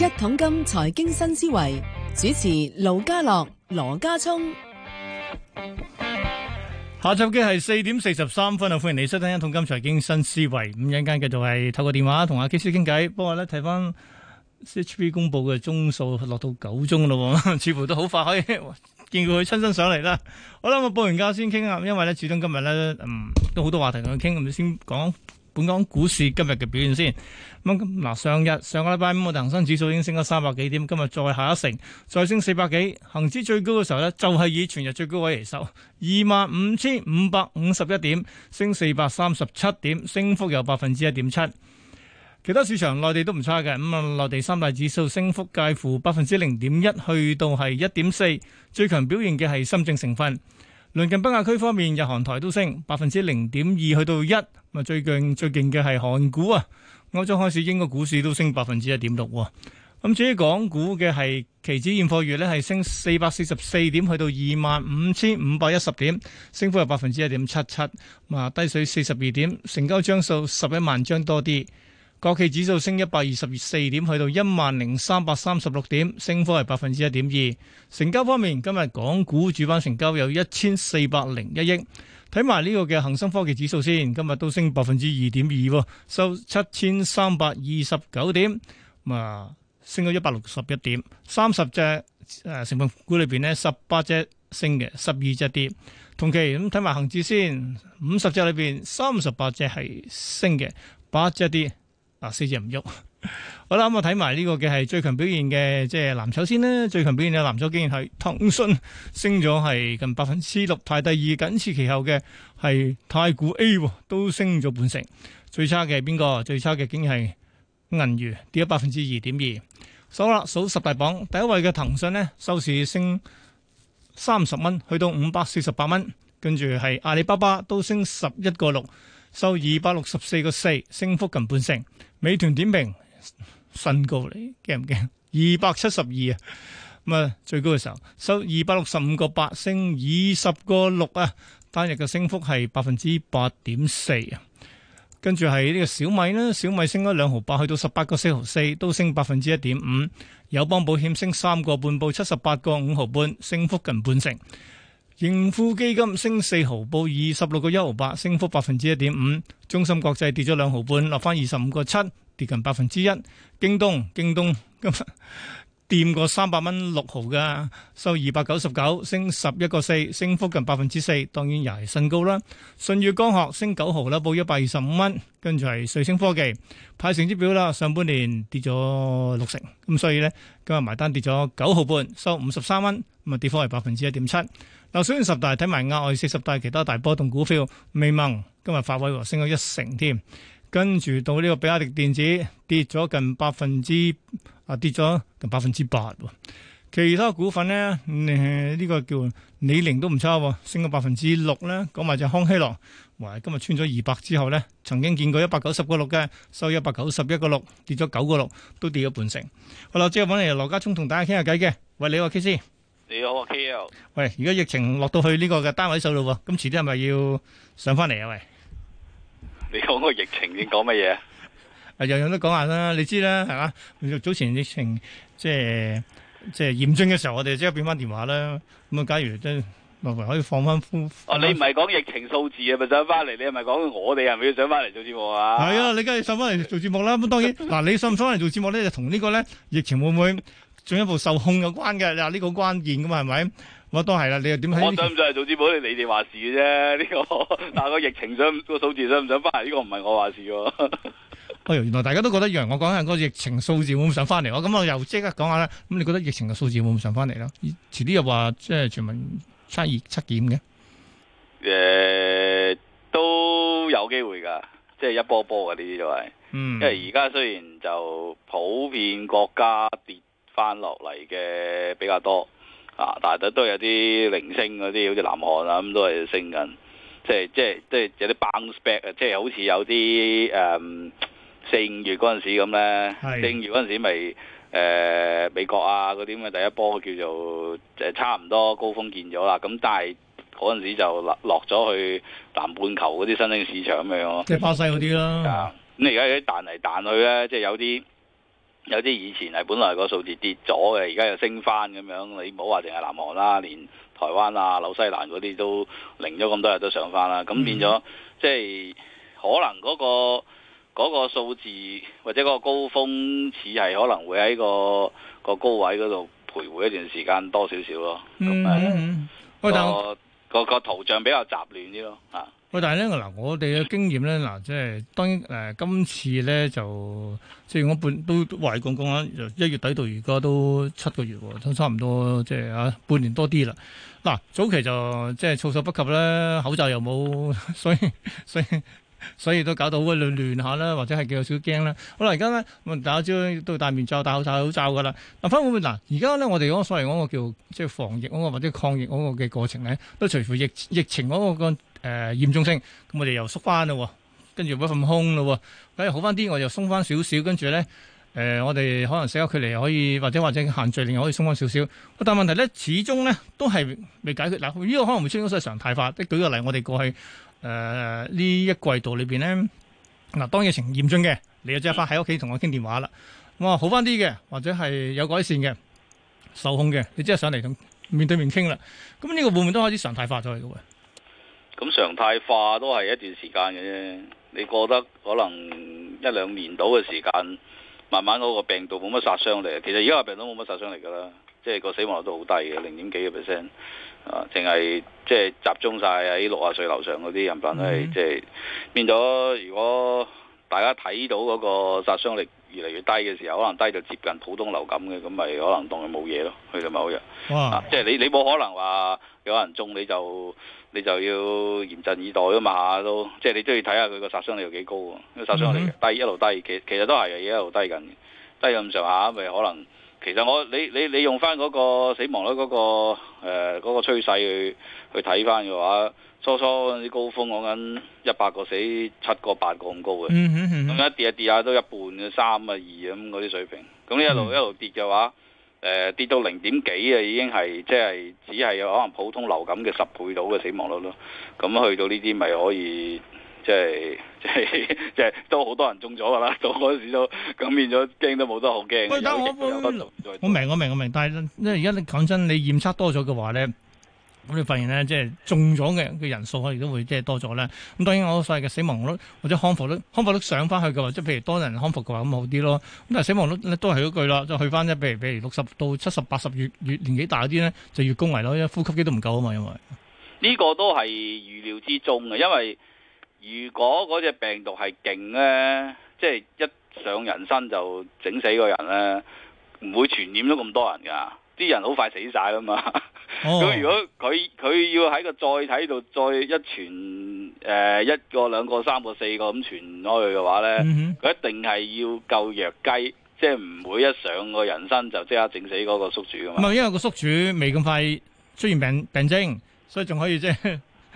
一桶金財經新思維，主持盧家樂、羅家聰，下晝機係四點四十三分啊！歡迎你收聽一桶金財經新思維。咁一陣間繼續係透過電話同阿 K 師傾偈。不過咧睇翻 CHB 公布嘅鐘數落到九鐘咯， 似乎都好快可以 見到佢親身上嚟啦。好啦，我報完價先傾啊，因為咧始終今日咧嗯都好多話題要傾，咁先講。本港股市今日嘅表現先咁嗱，上日上個禮拜五，我恒生指數已經升咗三百幾點，今日再下一城，再升四百幾，恒指最高嘅時候呢，就係以全日最高位嚟收，二萬五千五百五十一點，升四百三十七點，升幅有百分之一點七。其他市場內地都唔差嘅，咁啊，內地三大指數升幅介乎百分之零點一去到係一點四，最強表現嘅係深證成分。鄰近北亞區方面，日韓台都升百分之零點二，去到一。啊，最近最勁嘅係韓股啊，歐洲開市應該股市都升百分之一點六。咁至於港股嘅係期指現貨月呢係升四百四十四點，去到二萬五千五百一十點，升幅百分之一點七七。啊，低水四十二點，成交張數十一萬張多啲。國企指數升一百二十四點，去到一萬零三百三十六點，升幅係百分之一點二。成交方面，今日港股主板成交有一千四百零一億。睇埋呢個嘅恒生科技指數先，今日都升百分之二點二，收七千三百二十九點，啊升咗一百六十一點。三十隻誒成分股裏邊呢，十八隻升嘅，十二隻跌。同期咁睇埋恒指先，五十隻裏邊三十八隻係升嘅，八隻跌。嗱、啊，四隻唔喐， 好啦，咁我睇埋呢個嘅係最強表現嘅，即係藍籌先咧。最強表現嘅藍籌竟然係騰訊升咗係近百分之六，排第二，緊次其後嘅係太古 A 都升咗半成。最差嘅係邊個？最差嘅竟然係銀娛跌咗百分之二點二。數啦，數十大榜第一位嘅騰訊咧，收市升三十蚊，去到五百四十八蚊。跟住係阿里巴巴都升十一個六。收二百六十四個四，升幅近半成。美團點評新高嚟，驚唔驚？二百七十二啊，咁啊最高嘅時候收二百六十五個八，升二十個六啊，單日嘅升幅係百分之八點四啊。跟住係呢個小米咧，小米升咗兩毫八，去到十八個四毫四，都升百分之一點五。友邦保險升三個半報，七十八個五毫半，升幅近半成。盈富基金升四毫，報二十六個一毫八，升幅百分之一點五。中芯國際跌咗兩毫半，落翻二十五個七，跌近百分之一。京東京東今日掂過三百蚊六毫噶，收二百九十九，升十一個四，升幅近百分之四，當然又係新高啦。信宇光學升九毫啦，報一百二十五蚊，跟住係瑞星科技派成績表啦，上半年跌咗六成咁，所以呢，今日埋單跌咗九毫半，收五十三蚊，咁啊跌幅係百分之一點七。雖然十大睇埋額外四十大其他大波動股票，微盟今日發威喎，升咗一成添。跟住到呢個比亞迪電子跌咗近百分之，啊跌咗近百分之八。其他股份咧，誒呢個叫李寧都唔差，升咗百分之六咧。講埋隻康希諾，哇今日穿咗二百之後咧，曾經見過一百九十個六嘅，收一百九十一個六，跌咗九個六，都跌咗半成。好啦，最後揾嚟羅家聰同大家傾下偈嘅。喂，你好，KC。你好，K L。喂，而家疫情落到去呢個嘅單位數咯，咁遲啲係咪要上翻嚟啊？喂，你講個疫情先講乜嘢？啊，樣樣都講下啦，你知啦，係嘛？早前疫情即係即係嚴峻嘅時候，我哋即刻變翻電話啦。咁、呃、啊，假如即係可唔可以放翻舒？哦、啊，你唔係講疫情數字啊，咪上翻嚟？你係咪講我哋係咪要上翻嚟做節目啊？係啊，你梗係上翻嚟做節目啦。咁當然，嗱， 你上唔上翻嚟做節目咧，就同呢個咧，疫情會唔會？進一步受控有關嘅。嗱，呢、啊這個好關鍵噶嘛，係咪？我、啊、都係啦。你又點？我想唔想做支付寶？你哋話事嘅啫。呢、這個，但係個疫情上個數字想唔想翻嚟？呢個唔係我話事。哎、這個 哦、原來大家都覺得讓一樣。我講下個疫情數字會唔會上返嚟。我咁我又即刻講下啦。咁你覺得疫情嘅數字會唔會上返嚟囉？遲啲又話即係全民測二七檢嘅。誒、呃，都有機會噶，即係一波一波噶呢啲都係。嗯、因為而家雖然就普遍國家跌。翻落嚟嘅比較多啊，但係都都有啲零星嗰啲，好似南韓啊咁都係升緊，即係即係即係有啲 bounce back 啊，即係好似有啲誒四五月嗰陣時咁咧，四五是月嗰陣時咪誒、就是呃、美國啊嗰啲咁嘅第一波叫做就差唔多高峰見咗啦，咁但係嗰陣時就落落咗去南半球嗰啲新興市場咁樣咯、啊，即係巴西嗰啲啦。咁你而家有啲彈嚟彈去咧，即係有啲。有啲以前係本來個數字跌咗嘅，而家又升翻咁樣。你唔好話淨係南韓啦，連台灣啊、紐西蘭嗰啲都零咗咁多日都上翻啦。咁變咗、嗯、即係可能嗰、嗰個嗰數、嗰個、字或者個高峰似係可能會喺個個高位嗰度徘徊一段時間多少少咯。嗯嗯，不、哎、過個我個，個，個圖像比較雜亂啲咯啊。喂，但係咧嗱，我哋嘅經驗咧嗱，即係當然誒，今次咧就即係我半都懷舊講緊，一月底到而家都七個月，都差唔多即係啊半年多啲啦。嗱，早期就即係措手不及啦，口罩又冇，所以所以所以都搞到好啊亂亂下啦，或者係有少少驚啦。好啦，而家咧，大家都要戴面罩、戴口罩、罩、口罩噶啦。嗱，翻回嗱，而家咧我哋所謂嗰個叫即係防疫嗰個或者抗疫嗰個嘅過程咧，都隨乎疫疫情嗰個嗰個。誒嚴、呃、重性，咁、嗯、我哋又縮翻咯，跟住冇份空咯，咁、嗯、好翻啲，我又鬆翻少少，跟住咧，誒、呃、我哋可能社交距離又可以，或者或者限聚令又可以鬆翻少少，但問題咧始終咧都係未解決。嗱、啊，呢、這個可能會出現嗰種常態化。即係舉個例，我哋過去誒呢、呃、一季度裏邊咧，嗱、啊、當疫情嚴峻嘅，你就即刻翻喺屋企同我傾電話啦。哇、嗯，好翻啲嘅，或者係有改善嘅，受控嘅，你即係上嚟咁面對面傾啦。咁、嗯、呢、這個部門都開始常態化咗嚟嘅喎。咁常態化都係一段時間嘅啫，你過得可能一兩年到嘅時間，慢慢嗰個病毒冇乜殺傷力。其實而家個病毒冇乜殺傷力㗎啦，即係個死亡率都好低嘅，零點幾個 percent 啊，淨係即係集中晒喺六啊歲樓上嗰啲人份，係、mm hmm. 即係變咗。如果大家睇到嗰個殺傷力越嚟越低嘅時候，可能低到接近普通流感嘅，咁咪可能當佢冇嘢咯，去到某日 Wow. 啊，即係你你冇可能話有人中你就。你就要嚴陣以待啊嘛，都即係你都要睇下佢個殺傷力有幾高啊！個殺傷力低、mm hmm. 一路低，其實其實都係而家一路低緊，低咁上下，咪可能其實我你你你用翻嗰個死亡率嗰、嗰個誒嗰、呃嗰個趨勢去去睇翻嘅話，初初啲高峰講緊一百個死七個八個咁高嘅，咁、mm hmm. 一跌一跌啊都一半嘅三啊二咁嗰啲水平，咁一路、mm hmm. 一路跌嘅話。誒、呃，跌到零點幾啊，已經係即係只係有可能普通流感嘅十倍到嘅死亡率咯。咁去到呢啲咪可以即係即係即係都好多人中咗噶啦。到嗰時都咁變咗，驚都冇得好驚。我明我明我明。但係咧，因為而家你講真，你驗測多咗嘅話咧。咁你發現咧，即係中咗嘅嘅人數，可能都會即係多咗咧。咁當然我所謂嘅死亡率或者康復率，康復率上翻去嘅話，即係譬如多人康復嘅話，咁好啲咯。咁但係死亡率都係嗰句啦，就去翻即係譬如譬如六十到七十八十月月年紀大啲咧，就越高危咯，因為呼吸機都唔夠啊嘛，因為呢個都係預料之中嘅，因為如果嗰隻病毒係勁咧，即係一上人身就整死個人咧，唔會傳染咗咁多人噶。啲人好快死晒啦嘛！咁 如果佢佢要喺個載體度再一傳誒、呃、一個兩個三個四個咁傳開去嘅話咧，佢、嗯、哼一定係要夠弱雞，即係唔會一上個人身就即刻整死嗰個宿主噶嘛。唔係，因為個宿主未咁快出現病病徵，所以仲可以啫。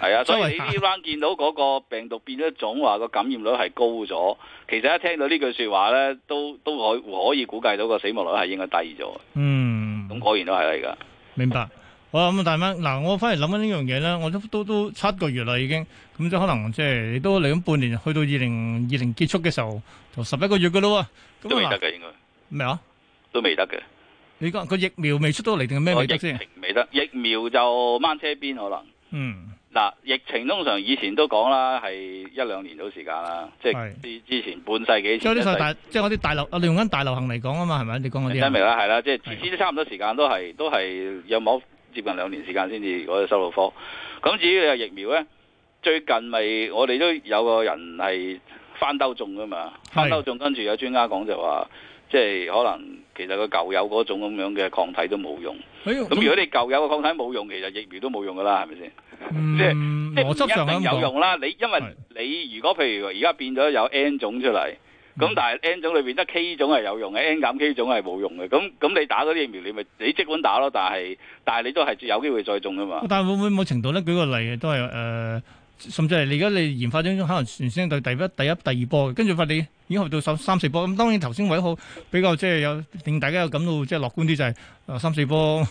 係 啊，所以呢班翻見到嗰個病毒變咗一種話個感染率係高咗，其實一聽到句呢句説話咧，都都可以可以估計到個死亡率係應該低咗。嗯。咁果然都係啦，而家明白。好啊，咁大媽，嗱，我翻嚟諗緊呢樣嘢啦，我都都都七個月啦，已經咁即可能即係你都嚟咗半年，去到二零二零結束嘅時候，就十一個月噶咯喎。都未得嘅應該。咩啊麼？都未得嘅。你講個疫苗未出到嚟定係咩未？疫情未得。疫苗就掹車邊可能。嗯。嗱，疫情通常以前都講啦，係一兩年到時間啦，即係之前是半世紀前。即係啲大，是即係我啲大流，你用緊大流行嚟講啊嘛，係咪？你講嗰啲。睇明啦，係啦，即係遲啲都差唔多時間都係都係有冇接近兩年時間先至我哋收到貨。咁至於有疫苗咧，最近咪我哋都有個人係翻兜種噶嘛，翻兜種跟住有專家講就話。即係可能其實個舊有嗰種咁樣嘅抗體都冇用，咁、欸、如果你舊有個抗體冇用，其實疫苗都冇用㗎啦，係咪先？即係即係唔一定有用啦。嗯、你因為你如果譬如而家變咗有 N 種出嚟，咁但係 N 種裏邊得 K 種係有用嘅，N 減 K 種係冇用嘅。咁咁你打嗰啲疫苗，你咪你即管打咯。但係但係你都係有機會再中㗎嘛？但會唔會某程度咧？舉個例都係誒。呃甚至係你而家你研發之中，可能原先對第一、第一、第二波，跟住發你已經去到三三四波。咁當然頭先位好比較即係有令大家有感到即係樂觀啲、就是，就、呃、係三四波，呵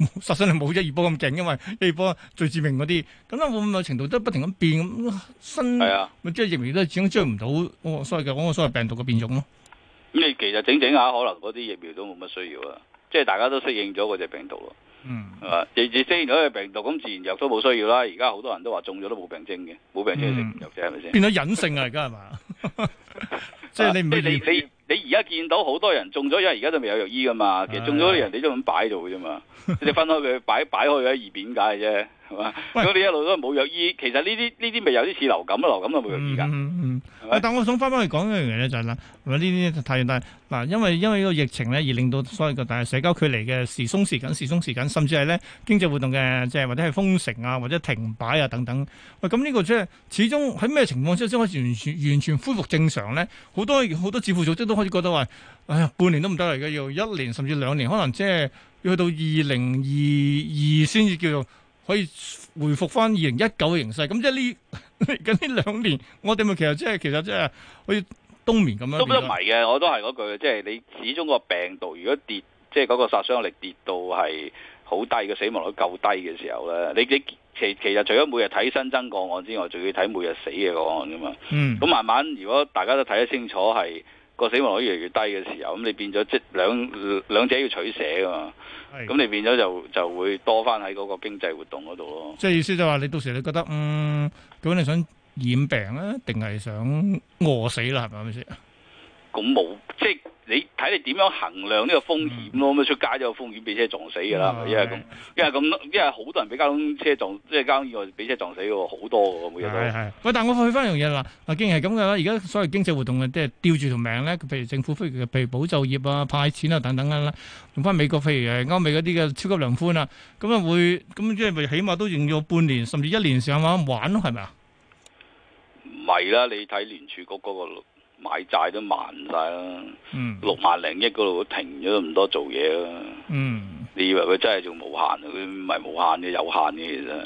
呵實質係冇一二波咁勁，因為一二波最致命嗰啲。咁啦，冇、呃、冇程度都不停咁變咁新。係啊，咪即係疫苗都始終追唔到，所以講我所謂，所謂病毒嘅變種咯。咁你、嗯、其實整整下，可能嗰啲疫苗都冇乜需要啦，即係大家都適應咗嗰隻病毒咯。嗯，啊，自自雖然咗個病毒，咁自然藥都冇需要啦。而家好多人都話中咗都冇病徵嘅，冇病徵食唔藥啫，係咪先？是是變咗隱性啊，而家係嘛？即係你唔，你你你而家見到好多人中咗，因為而家都未有藥醫噶嘛。其實中咗啲人 你都咁擺喺度啫嘛，你分開佢擺擺開而扁解嘅啫。喂，嘛？咁你一路都冇藥醫，其實呢啲呢啲咪有啲似流感啊？流感都冇藥醫噶。嗯嗯，吧但我想翻翻去講一樣嘢咧，就係咧，呢啲太但嗱，因為因為個疫情咧而令到所謂個大社交距離嘅時鬆時緊，時鬆時緊，甚至係咧經濟活動嘅即係或者係封城啊，或者停擺啊等等。喂，咁呢個即係始終喺咩情況之下先可以完全完全恢復正常咧？好多好多政府組織都開始覺得話，哎呀，半年都唔得嚟嘅，要一年甚至兩年，可能即係要去到二零二二先至叫做。可以回復翻二零一九嘅形勢，咁即係呢近呢兩年，我哋咪其實即係其實即係好似冬眠咁樣。都唔係嘅，我都係嗰句，即係你始終個病毒，如果跌即係嗰個殺傷力跌到係好低嘅死亡率夠低嘅時候咧，你你其其實除咗每日睇新增個案之外，仲要睇每日死嘅個案噶嘛。嗯，咁慢慢如果大家都睇得清楚係個死亡率越嚟越低嘅時候，咁你變咗即兩兩者要取捨㗎嘛，咁的你變咗就就會多翻喺嗰個經濟活動嗰度咯。即係意思就係話，你到時你覺得嗯，咁你想染病啊，定係想餓死啦？係咪咁意思？咁冇即你睇你點樣衡量呢個風險咯？咁、嗯、出街就有風險被車撞死嘅啦 Okay.，因為咁，因為咁，因為好多人俾交通車撞，即係交通意外俾車撞死嘅好多嘅，咁嘅係係。喂，但我去翻樣嘢啦，既然係咁嘅啦。而家所謂經濟活動嘅即係吊住條命咧，譬如政府譬如保就業啊、派錢啊等等啦。用翻美國譬如誒歐美嗰啲嘅超級良寬啊，咁啊會咁即係咪起碼都用咗半年甚至一年上下玩玩咯，係咪啊？唔係啦，你睇聯儲局嗰個。買債都慢晒啦，六萬零億嗰度停咗唔多做嘢啦。嗯，你以為佢真係仲無限？佢唔係無限嘅，有限嘅，其實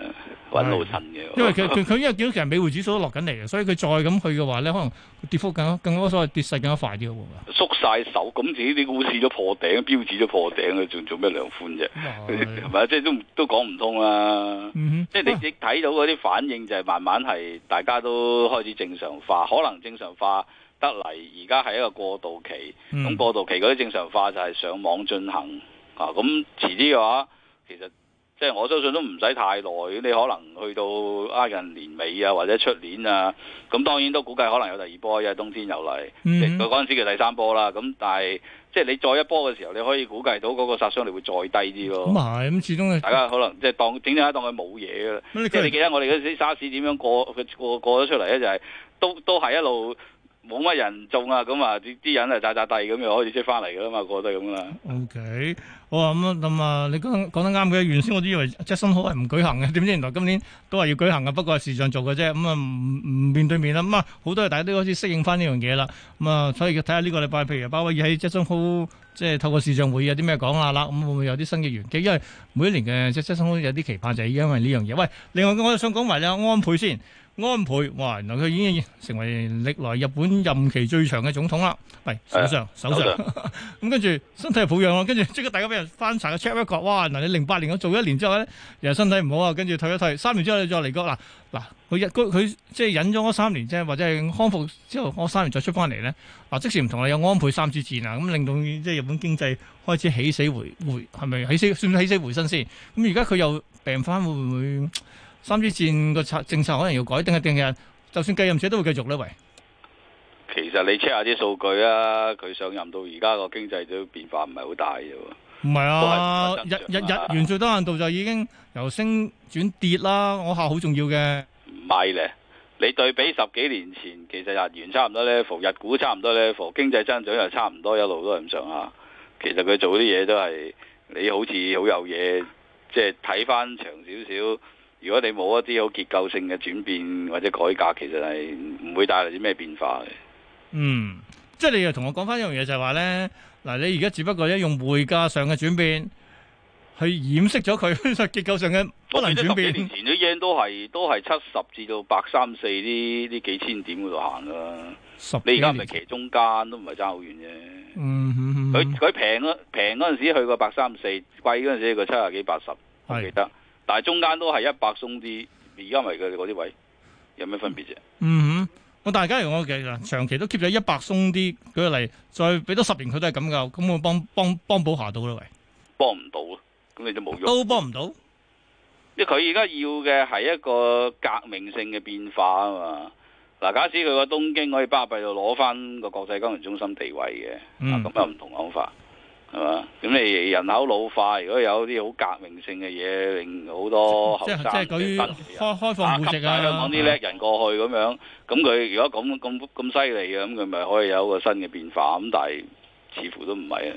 揾老襯嘅。因為佢佢因為見到其實美匯指數都落緊嚟嘅，所以佢再咁去嘅話咧，可能跌幅更更多，所以跌勢更加快啲嘅喎。縮曬手，咁自己啲股市都破頂，標指都破頂，仲做咩量寬啫？係咪即係都都講唔通啊？即係你你睇到嗰啲反應就係慢慢係大家都開始正常化，可能正常化。得嚟，而家係一個過渡期。咁、嗯、過渡期嗰啲正常化就係上網進行啊。咁遲啲嘅話，其實即係、就是、我相信都唔使太耐。你可能去到挨近年尾啊，或者出年啊。咁當然都估計可能有第二波，因、就、為、是、冬天又嚟。嗯，嗰陣時嘅第三波啦。咁但係即係你再一波嘅時候，你可以估計到嗰個殺傷力會再低啲咯。咁係、嗯，咁始終大家可能即係當整整一當佢冇嘢嘅啦。即係你記得我哋嗰時沙士點樣過？過過咗出嚟咧，就係、是、都都係一路。冇乜人做啊，咁啊啲啲人紮紮啊扎扎地咁又開始出翻嚟噶啦嘛，覺得咁啦。OK。咁啊咁啊，你講講得啱嘅。原先我都以為吉生好係唔舉行嘅，點知原來今年都係要舉行嘅。不過係視像做嘅啫，咁啊唔唔面對面啦。咁啊好多嘅大家都開始適應翻呢樣嘢啦。咁、嗯、啊，所以睇下呢個禮拜，譬如鮑威爾喺吉生鋪，即係透過視像會議有啲咩講下啦。咁、嗯、會唔會有啲新嘅玄機？因為每一年嘅即吉生鋪有啲期盼就係因為呢樣嘢。喂，另外我又想講埋阿安倍先。安倍哇，原來佢已經成為歷來日本任期最長嘅總統啦，喂、哎，首相，首相、哎。咁、 嗯、跟住身體抱恙咯，跟住即刻大家俾人。翻查個 check 一覺，哇！嗱，你零八年我做一年之後咧，又身體唔好啊，跟住退一退。三年之後你再嚟過嗱嗱，佢日佢即係忍咗嗰三年啫，或者係康復之後，我三年再出翻嚟咧。嗱、啊，即時唔同你有安倍三支箭啊，咁令到即係日本經濟開始起死回回，係咪起死算唔算起死回生先？咁而家佢又病翻，會唔會三支箭個策政策可能要改？定係定係就算繼任者都會繼續咧？喂，其實你 check 下啲數據啊，佢上任到而家個經濟都變化唔係好大啫。唔係啊，日日日元最多限度就已經由升轉跌啦。啊、我下好重要嘅，唔係咧。你對比十幾年前，其實日元差唔多咧，逢日股差唔多咧，逢經濟增長又差唔多，一路都係咁上下。其實佢做啲嘢都係你好似好有嘢，即係睇返長少少。如果你冇一啲好結構性嘅轉變或者改革，其實係唔會帶嚟啲咩變化嘅。嗯。即係你又同我講翻一樣嘢，就係話咧，嗱你而家只不過一用匯價上嘅轉變去掩飾咗佢實質結構上嘅不能轉變。幾年前啲 yen 都係都係七十至到百三四呢啲幾千點嗰度行噶啦，十你而家咪其中間都唔係爭好遠啫。佢佢平嗰平陣時去過百三四，貴嗰陣時去過七廿幾八十，我記得。是但係中間都係一百鬆啲，而家咪佢哋嗰啲位有咩分別啫？嗯我大家用，如果長期都 keep 咗一百鬆啲舉例，再俾多十年佢都係咁㗎，咁我幫幫幫補下到啦，喂，幫唔到咯，咁你就冇用。都幫唔到，即佢而家要嘅係一個革命性嘅變化啊嘛！嗱，假使佢個東京可以巴閉到攞翻個國際金融中心地位嘅，啊咁有唔同講法。係嘛？咁你人口老化，如果有啲好革命性嘅嘢，令好多後生即係即係開放股息啊！啊香港啲叻人過去咁樣，咁佢如果咁咁咁犀利嘅，咁佢咪可以有一個新嘅變化？咁但係似乎都唔係啊！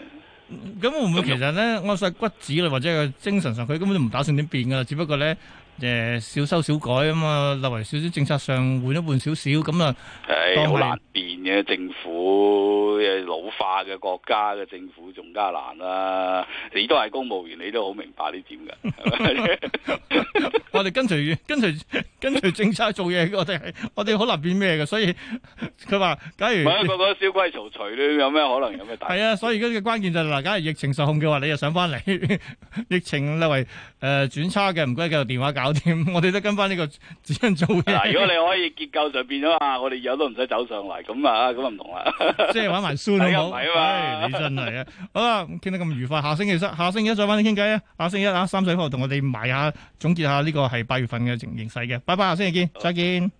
咁、嗯、會唔會其實咧、嗯、我晒骨子啦，或者佢精神上，佢根本都唔打算點變噶，只不過咧。誒，少修少改啊嘛，立為少少政策上換一換少少咁啊，係好難變嘅政府，誒老化嘅國家嘅政府仲加難啦。你都係公務員，你都好明白呢點㗎。我哋跟隨跟隨跟隨政策做嘢，我哋我哋好難變咩嘅。所以佢話，假如唔係個個蕭規曹隨咧，有咩可能有咩大？係啊，所以而家嘅關鍵就係嗱，假如疫情受控嘅話，你又想翻嚟，疫情立為誒轉差嘅，唔該繼續電話搞。 我哋我哋都跟翻呢，這個指引做嘅。如果你可以結構上變咗啊，我哋以後都唔使走上嚟，咁啊，咁啊唔同啦。 即係玩埋書都好。係啊，係啊，哎，你真係啊。 好啦，傾得咁愉快，下星期三，下星期一再翻嚟傾偈啊。下星期一啊，三水哥同我哋埋下總結下呢個係八月份嘅形勢嘅。拜拜，下星期見，再見。